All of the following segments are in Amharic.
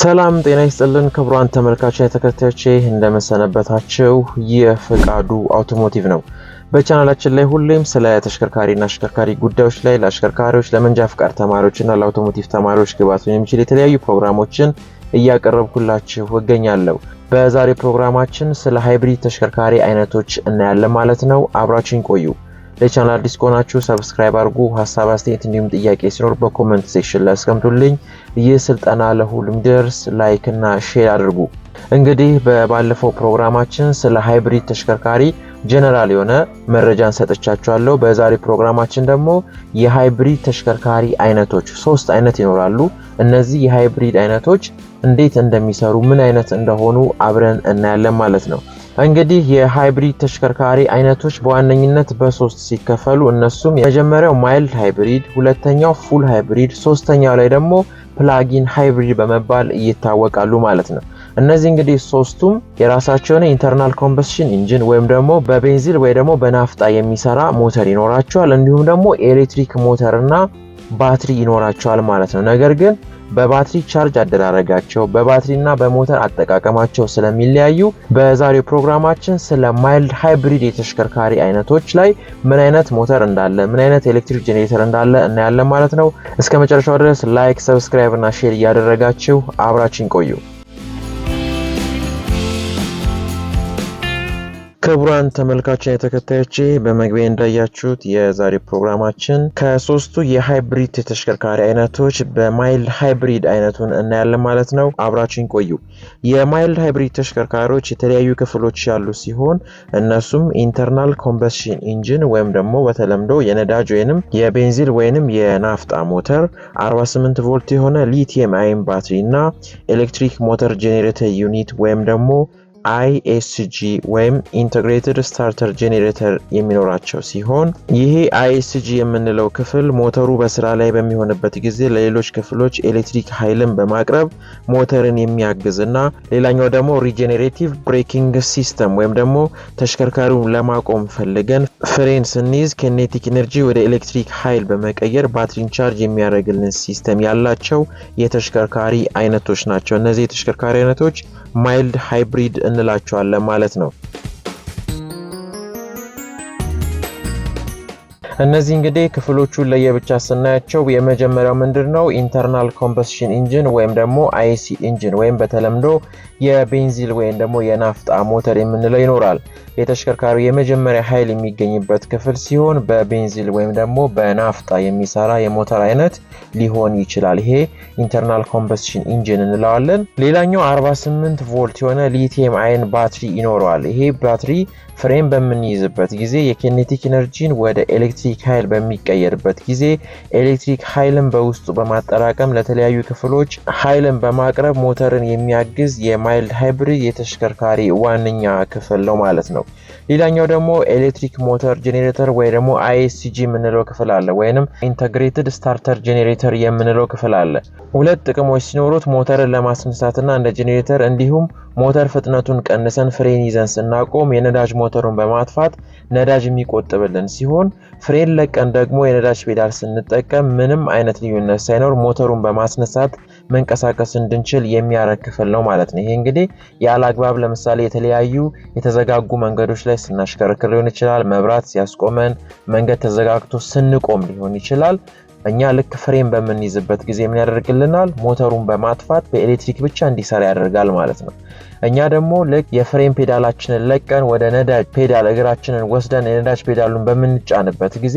ሰላም ጤና ይስጥልን ክቡራን ተመልካች ተከታዮቼ እንደምንሰነበታችሁ የፍቃዱ አውቶሞቲቭ ነው። በቻናላችን ላይ ሁሌም ስለ ተሽከርካሪና አሽከርካሪ ጉዳዮች ላይ ለአሽከርካሪዎች፣ ለመንጃ ፍቃድ ተማሪዎችና ለአውቶሞቲቭ ተማሪዎች ሆን የሚችል የተለያዩ ፕሮግራሞችን እያቀረብኩላችሁ እገኛለሁ። በዛሬ ፕሮግራማችን ስለ ሃይብሪድ ተሽከርካሪ አይነቶች እናያለን ማለት ነው። አብራችን ቆዩ። ለቻናል አዲስ ከሆናችሁ ሰብስክራይብ አድርጉ። ሀሳብ አስተያየት፣ እንዲሁም ጥያቄ ሲኖር በኮመንት ሴክሽን ላይ አስቀምጡልኝ። ይህ ስልጠና ለሁሉም ደርስ ላይክ እና ሼር አድርጉ። እንግዲህ በባለፈው ፕሮግራማችን ስለ ሃይብሪድ ተሽከርካሪ ጀነራል የሆነ መረጃን ሰጥቻችኋለሁ። በዛሬ ፕሮግራማችን ደግሞ የሃይብሪድ ተሽከርካሪ አይነቶች ሶስት አይነት ይኖራሉ። እነዚህ የሃይብሪድ አይነቶች እንዴት እንደሚሰሩ ምን አይነት እንደሆኑ አብረን እናያለን ማለት ነው። እንግዲህ የሃይብሪድ ተሽከርካሪ አይነቶች በዋነኝነት በሶስት ሲከፈሉ እነሱም የመጀመሪያው ማይልድ ሃይብሪድ፣ ሁለተኛው ፉል ሃይብሪድ፣ ሶስተኛው ላይ ደግሞ ፕላጊን ሃይብሪድ በመባል ይታወቃሉ ማለት ነው። እነዚህ እንግዲህ ሶስቱም የራሳቸው የሆነ ኢንተርናል ኮምበስሽን ኢንጂን ወይም ደግሞ በቤንዚል ወይ ደግሞ በናፍጣ የሚሰራ ሞተር ይኖራቸዋል። እንዲሁም ደግሞ ኤሌክትሪክ ሞተርና ባትሪ ይኖራቸዋል ማለት ነው። ነገር ግን በባትሪ ቻርጅ አደራረጋቸው፣ በባትሪና በሞተር አጠቃቀማቸው ስለሚለያዩ በዛሬው ፕሮግራማችን ስለ ማይልድ ሃይብሪድ የተሽከርካሪ አይነቶች ላይ ምን አይነት ሞተር እንዳለ፣ ምን አይነት ኤሌክትሪክ ጄኔሬተር እንዳለ እናያለን ማለት ነው። እስከ መጨረሻው ድረስ ላይክ፣ ሰብስክራይብ እና ሼር እያደረጋችሁ አብራችን ቆዩ። ክቡራን ተመልካችን የተከታዮቼ በመግቢያ እንዳያችሁት የዛሬ ፕሮግራማችን ከሶስቱ የሃይብሪድ የተሽከርካሪ አይነቶች በማይል ሃይብሪድ አይነቱን እናያለን ማለት ነው። አብራችን ቆዩ። የማይል ሃይብሪድ ተሽከርካሪዎች የተለያዩ ክፍሎች ያሉ ሲሆን እነሱም ኢንተርናል ኮምበስሽን ኢንጂን ወይም ደግሞ በተለምዶ የነዳጅ ወይንም የቤንዚል ወይንም የናፍጣ ሞተር፣ 48 ቮልት የሆነ ሊቲየም አይን ባትሪ እና ኤሌክትሪክ ሞተር ጄኔሬተር ዩኒት ወይም ደግሞ አይኤስጂ ወይም ኢንተግሬትድ ስታርተር ጄኔሬተር የሚኖራቸው ሲሆን ይሄ አይኤስጂ የምንለው ክፍል ሞተሩ በስራ ላይ በሚሆንበት ጊዜ ለሌሎች ክፍሎች ኤሌክትሪክ ኃይልን በማቅረብ ሞተርን የሚያግዝ እና ሌላኛው ደግሞ ሪጄኔሬቲቭ ብሬኪንግ ሲስተም ወይም ደግሞ ተሽከርካሪውን ለማቆም ፈልገን ፍሬን ስንይዝ ኬኔቲክ ኢነርጂ ወደ ኤሌክትሪክ ኃይል በመቀየር ባትሪን ቻርጅ የሚያደርግልን ሲስተም ያላቸው የተሽከርካሪ አይነቶች ናቸው። እነዚህ የተሽከርካሪ አይነቶች ማይልድ ሃይብሪድ እንላቸዋለን ማለት ነው። እነዚህ እንግዲህ ክፍሎቹን ለየብቻ ስናያቸው የመጀመሪያው ምንድን ነው ኢንተርናል ኮምበስሽን ኢንጂን ወይም ደግሞ አይሲ ኢንጂን ወይም በተለምዶ የቤንዚል ወይም ደግሞ የናፍጣ ሞተር የምንለው ይኖራል። የተሽከርካሪው የመጀመሪያ ኃይል የሚገኝበት ክፍል ሲሆን በቤንዚል ወይም ደግሞ በናፍጣ የሚሰራ የሞተር አይነት ሊሆን ይችላል። ይሄ ኢንተርናል ኮምበስሽን ኢንጂን እንለዋለን። ሌላኛው 48 ቮልት የሆነ ሊቲየም አይን ባትሪ ይኖረዋል። ይሄ ባትሪ ፍሬም በምንይዝበት ጊዜ የኬኔቲክ ኢነርጂን ወደ ኤሌክትሪክ የኤሌክትሪክ ኃይል በሚቀየርበት ጊዜ ኤሌክትሪክ ኃይልን በውስጡ በማጠራቀም ለተለያዩ ክፍሎች ኃይልን በማቅረብ ሞተርን የሚያግዝ የማይልድ ሃይብሪድ የተሽከርካሪ ዋነኛ ክፍል ነው ማለት ነው። ሌላኛው ደግሞ ኤሌክትሪክ ሞተር ጄኔሬተር ወይ ደግሞ አይኤስሲጂ የምንለው ክፍል አለ፣ ወይም ኢንተግሬትድ ስታርተር ጄኔሬተር የምንለው ክፍል አለ። ሁለት ጥቅሞች ሲኖሩት ሞተርን ለማስነሳትና እንደ ጄኔሬተር እንዲሁም ሞተር ፍጥነቱን ቀንሰን ፍሬን ይዘን ስናቆም የነዳጅ ሞተሩን በማጥፋት ነዳጅ የሚቆጥብልን ሲሆን ፍሬን ለቀን ደግሞ የነዳጅ ፔዳል ስንጠቀም ምንም አይነት ልዩነት ሳይኖር ሞተሩን በማስነሳት መንቀሳቀስ እንድንችል የሚያረክፍል ክፍል ነው ማለት ነው። ይሄ እንግዲህ ያለ አግባብ ለምሳሌ የተለያዩ የተዘጋጉ መንገዶች ላይ ስናሽከረክር ሊሆን ይችላል። መብራት ሲያስቆመን መንገድ ተዘጋግቶ ስንቆም ሊሆን ይችላል። እኛ ልክ ፍሬን በምንይዝበት ጊዜ ምን ያደርግልናል? ሞተሩን በማጥፋት በኤሌክትሪክ ብቻ እንዲሰራ ያደርጋል ማለት ነው። እኛ ደግሞ ልክ የፍሬም ፔዳላችንን ለቀን ወደ ነዳጅ ፔዳል እግራችንን ወስደን የነዳጅ ፔዳሉን በምንጫንበት ጊዜ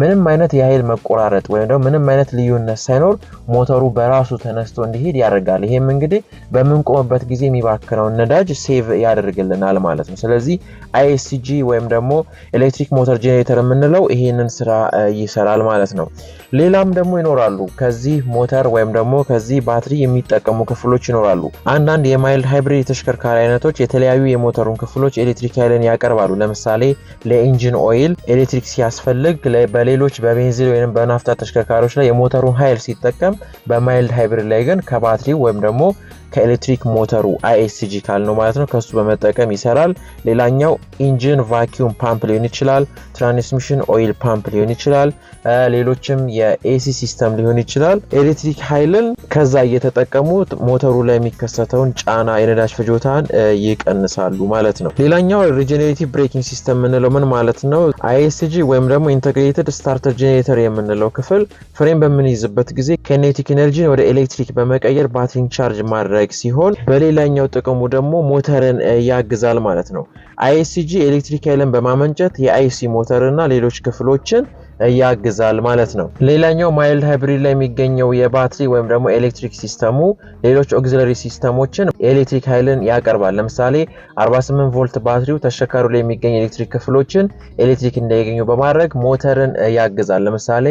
ምንም አይነት የኃይል መቆራረጥ ወይም ደግሞ ምንም አይነት ልዩነት ሳይኖር ሞተሩ በራሱ ተነስቶ እንዲሄድ ያደርጋል። ይሄም እንግዲህ በምንቆምበት ጊዜ የሚባክነውን ነዳጅ ሴቭ ያደርግልናል ማለት ነው። ስለዚህ አይኤስሲጂ ወይም ደግሞ ኤሌክትሪክ ሞተር ጄኔሬተር የምንለው ይሄንን ስራ ይሰራል ማለት ነው። ሌላም ደግሞ ይኖራሉ ከዚህ ሞተር ወይም ደግሞ ከዚህ ባትሪ የሚጠቀሙ ክፍሎች ይኖራሉ። አንዳንድ የማይልድ ሃይብሪድ የተሽከርካሪ አይነቶች የተለያዩ የሞተሩን ክፍሎች ኤሌክትሪክ ኃይልን ያቀርባሉ። ለምሳሌ ለኢንጂን ኦይል ኤሌክትሪክ ሲያስፈልግ፣ በሌሎች በቤንዚን ወይም በናፍታ ተሽከርካሪዎች ላይ የሞተሩን ኃይል ሲጠቀም፣ በማይልድ ሃይብሪድ ላይ ግን ከባትሪ ወይም ደግሞ ከኤሌክትሪክ ሞተሩ አይኤስጂ ነው ማለት ነው ከሱ በመጠቀም ይሰራል። ሌላኛው ኢንጂን ቫኪዩም ፓምፕ ሊሆን ይችላል። ትራንስሚሽን ኦይል ፓምፕ ሊሆን ይችላል። ሌሎችም የኤሲ ሲስተም ሊሆን ይችላል። ኤሌክትሪክ ኃይልን ከዛ እየተጠቀሙ ሞተሩ ላይ የሚከሰተውን ጫና የነዳጅ ፍጆታን ይቀንሳሉ ማለት ነው። ሌላኛው ሪጀኔሬቲቭ ብሬኪንግ ሲስተም የምንለው ምን ማለት ነው? አይኤስጂ ወይም ደግሞ ኢንተግሬትድ ስታርተር ጄኔሬተር የምንለው ክፍል ፍሬም በምንይዝበት ጊዜ ከኔቲክ ኤነርጂን ወደ ኤሌክትሪክ በመቀየር ባትሪን ቻርጅ ማድረግ የሚያደርግ ሲሆን በሌላኛው ጥቅሙ ደግሞ ሞተርን ያግዛል ማለት ነው። አይኤስጂ ኤሌክትሪክ ኃይልን በማመንጨት የአይሲ ሞተርና ሌሎች ክፍሎችን ያግዛል ማለት ነው። ሌላኛው ማይልድ ሃይብሪድ ላይ የሚገኘው የባትሪ ወይም ደግሞ ኤሌክትሪክ ሲስተሙ ሌሎች ኦግዚለሪ ሲስተሞችን ኤሌክትሪክ ኃይልን ያቀርባል። ለምሳሌ 48 ቮልት ባትሪው ተሽከርካሪ ላይ የሚገኝ ኤሌክትሪክ ክፍሎችን ኤሌክትሪክ እንዳይገኙ በማድረግ ሞተርን ያግዛል። ለምሳሌ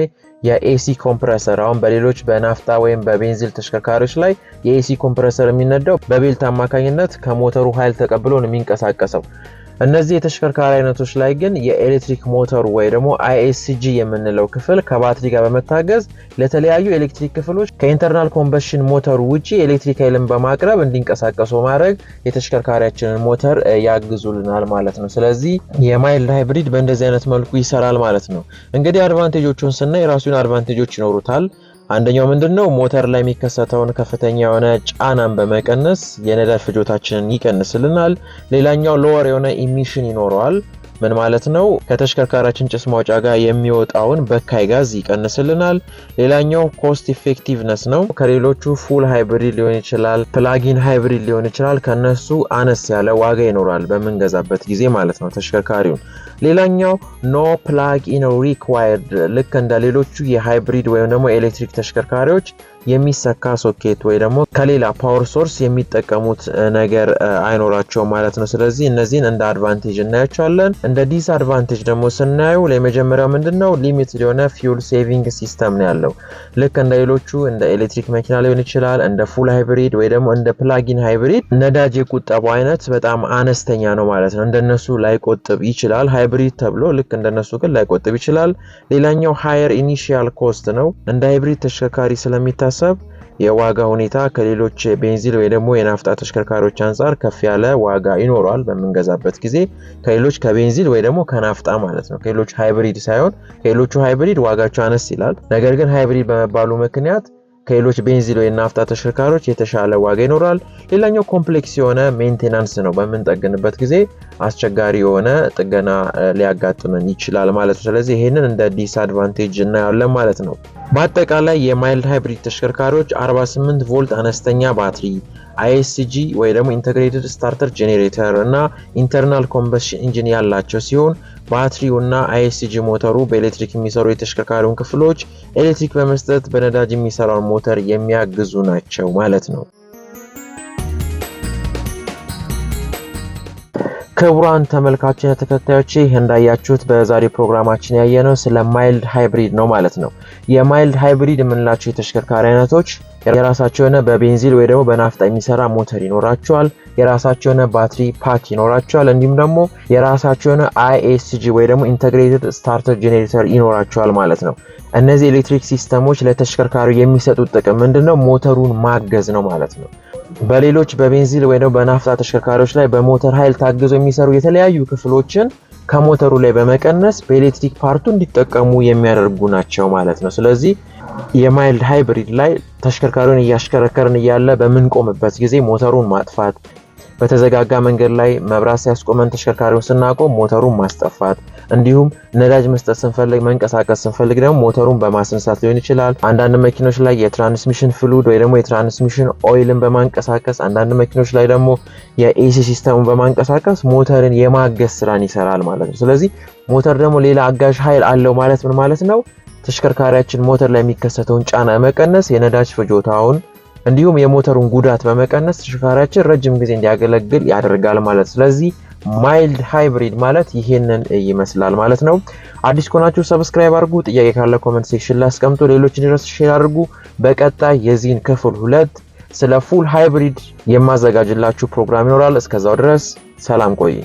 የኤሲ ኮምፕረሰር አሁን በሌሎች በናፍታ ወይም በቤንዚል ተሽከርካሪዎች ላይ የኤሲ ኮምፕረሰር የሚነዳው በቤልት አማካኝነት ከሞተሩ ኃይል ተቀብሎ ነው የሚንቀሳቀሰው። እነዚህ የተሽከርካሪ አይነቶች ላይ ግን የኤሌክትሪክ ሞተር ወይ ደግሞ አይኤስጂ የምንለው ክፍል ከባትሪ ጋር በመታገዝ ለተለያዩ ኤሌክትሪክ ክፍሎች ከኢንተርናል ኮምበሽን ሞተር ውጪ ኤሌክትሪክ ኃይልን በማቅረብ እንዲንቀሳቀሱ ማድረግ የተሽከርካሪያችንን ሞተር ያግዙልናል ማለት ነው። ስለዚህ የማይልድ ሃይብሪድ በእንደዚህ አይነት መልኩ ይሰራል ማለት ነው። እንግዲህ አድቫንቴጆቹን ስናይ የራሱን አድቫንቴጆች ይኖሩታል። አንደኛው ምንድነው ሞተር ላይ የሚከሰተውን ከፍተኛ የሆነ ጫናን በመቀነስ የነዳጅ ፍጆታችንን ይቀንስልናል። ሌላኛው ሎወር የሆነ ኢሚሽን ይኖረዋል። ምን ማለት ነው? ከተሽከርካሪያችን ጭስ ማውጫ ጋር የሚወጣውን በካይ ጋዝ ይቀንስልናል። ሌላኛው ኮስት ኢፌክቲቭነስ ነው። ከሌሎቹ ፉል ሃይብሪድ ሊሆን ይችላል፣ ፕላጊን ሃይብሪድ ሊሆን ይችላል። ከነሱ አነስ ያለ ዋጋ ይኖራል በምንገዛበት ጊዜ ማለት ነው ተሽከርካሪውን ሌላኛው ኖ ፕላግ ኢን ሪኳየርድ ልክ እንደ ሌሎቹ የሃይብሪድ ወይም ደግሞ ኤሌክትሪክ ተሽከርካሪዎች የሚሰካ ሶኬት ወይ ደግሞ ከሌላ ፓወር ሶርስ የሚጠቀሙት ነገር አይኖራቸው ማለት ነው። ስለዚህ እነዚህን እንደ አድቫንቴጅ እናያቸዋለን። እንደ ዲስአድቫንቴጅ ደግሞ ስናየው ለመጀመሪያው ምንድን ነው ሊሚትድ የሆነ ፊውል ሴቪንግ ሲስተም ነው ያለው። ልክ እንደ ሌሎቹ እንደ ኤሌክትሪክ መኪና ሊሆን ይችላል፣ እንደ ፉል ሃይብሪድ ወይ ደግሞ እንደ ፕላጊን ሃይብሪድ ነዳጅ የቁጠቡ አይነት በጣም አነስተኛ ነው ማለት ነው። እንደነሱ ላይቆጥብ ይችላል። ሃይብሪድ ተብሎ ልክ እንደነሱ ግን ላይቆጥብ ይችላል። ሌላኛው ሃየር ኢኒሺያል ኮስት ነው። እንደ ሃይብሪድ ተሽከርካሪ ስለሚታሰብ የዋጋ ሁኔታ ከሌሎች ቤንዚን ወይ ደግሞ የናፍጣ ተሽከርካሪዎች አንጻር ከፍ ያለ ዋጋ ይኖረዋል በምንገዛበት ጊዜ ከሌሎች ከቤንዚን ወይ ደግሞ ከናፍጣ ማለት ነው። ከሌሎች ሃይብሪድ ሳይሆን ከሌሎቹ ሃይብሪድ ዋጋቸው አነስ ይላል። ነገር ግን ሃይብሪድ በመባሉ ምክንያት ከሌሎች ቤንዚል ወይ ናፍጣ ተሽከርካሪዎች የተሻለ ዋጋ ይኖራል። ሌላኛው ኮምፕሌክስ የሆነ ሜንቴናንስ ነው። በምንጠግንበት ጊዜ አስቸጋሪ የሆነ ጥገና ሊያጋጥመን ይችላል ማለት ነው። ስለዚህ ይህንን እንደ ዲስአድቫንቴጅ እናያለን ማለት ነው። በአጠቃላይ የማይልድ ሃይብሪድ ተሽከርካሪዎች 48 ቮልት አነስተኛ ባትሪ አይኤስጂ ወይ ደግሞ ኢንተግሬትድ ስታርተር ጄኔሬተር እና ኢንተርናል ኮምበሽን ኢንጂን ያላቸው ሲሆን ባትሪው እና አይኤስጂ ሞተሩ በኤሌክትሪክ የሚሰሩ የተሽከርካሪውን ክፍሎች ኤሌክትሪክ በመስጠት በነዳጅ የሚሰራውን ሞተር የሚያግዙ ናቸው ማለት ነው። ክቡራን ተመልካችን ተከታዮች ይህ እንዳያችሁት በዛሬው ፕሮግራማችን ያየነው ስለ ማይልድ ሃይብሪድ ነው ማለት ነው። የማይልድ ሃይብሪድ የምንላቸው የተሽከርካሪ አይነቶች የራሳቸው የሆነ በቤንዚን ወይ ደግሞ በናፍጣ የሚሰራ ሞተር ይኖራቸዋል። የራሳቸው የሆነ ባትሪ ፓክ ይኖራቸዋል። እንዲሁም ደግሞ የራሳቸው የሆነ አይኤስጂ ወይ ደግሞ ኢንተግሬትድ ስታርተር ጄኔሬተር ይኖራቸዋል ማለት ነው። እነዚህ ኤሌክትሪክ ሲስተሞች ለተሽከርካሪ የሚሰጡት ጥቅም ምንድን ነው? ሞተሩን ማገዝ ነው ማለት ነው። በሌሎች በቤንዚል ወይ ደግሞ በናፍታ ተሽከርካሪዎች ላይ በሞተር ኃይል ታግዞ የሚሰሩ የተለያዩ ክፍሎችን ከሞተሩ ላይ በመቀነስ በኤሌክትሪክ ፓርቱ እንዲጠቀሙ የሚያደርጉ ናቸው ማለት ነው። ስለዚህ የማይልድ ሃይብሪድ ላይ ተሽከርካሪውን እያሽከረከርን እያለ በምንቆምበት ጊዜ ሞተሩን ማጥፋት በተዘጋጋ መንገድ ላይ መብራት ሲያስቆመን ተሽከርካሪውን ስናቆም ሞተሩን ማስጠፋት እንዲሁም ነዳጅ መስጠት ስንፈልግ መንቀሳቀስ ስንፈልግ ደግሞ ሞተሩን በማስነሳት ሊሆን ይችላል። አንዳንድ መኪኖች ላይ የትራንስሚሽን ፍሉድ ወይ ደግሞ የትራንስሚሽን ኦይልን በማንቀሳቀስ አንዳንድ መኪኖች ላይ ደግሞ የኤሲ ሲስተሙን በማንቀሳቀስ ሞተርን የማገዝ ስራን ይሰራል ማለት ነው። ስለዚህ ሞተር ደግሞ ሌላ አጋዥ ኃይል አለው ማለት ምን ማለት ነው? ተሽከርካሪያችን ሞተር ላይ የሚከሰተውን ጫና መቀነስ የነዳጅ ፍጆታውን እንዲሁም የሞተሩን ጉዳት በመቀነስ ተሽከርካሪያችን ረጅም ጊዜ እንዲያገለግል ያደርጋል ማለት። ስለዚህ ማይልድ ሃይብሪድ ማለት ይሄንን ይመስላል ማለት ነው። አዲስ ከሆናችሁ ሰብስክራይብ አድርጉ። ጥያቄ ካለ ኮመንት ሴክሽን ላይ አስቀምጡ። ሌሎች እንዲደርስ ሼር አድርጉ። በቀጣይ የዚህን ክፍል ሁለት ስለ ፉል ሃይብሪድ የማዘጋጅላችሁ ፕሮግራም ይኖራል። እስከዛው ድረስ ሰላም ቆይ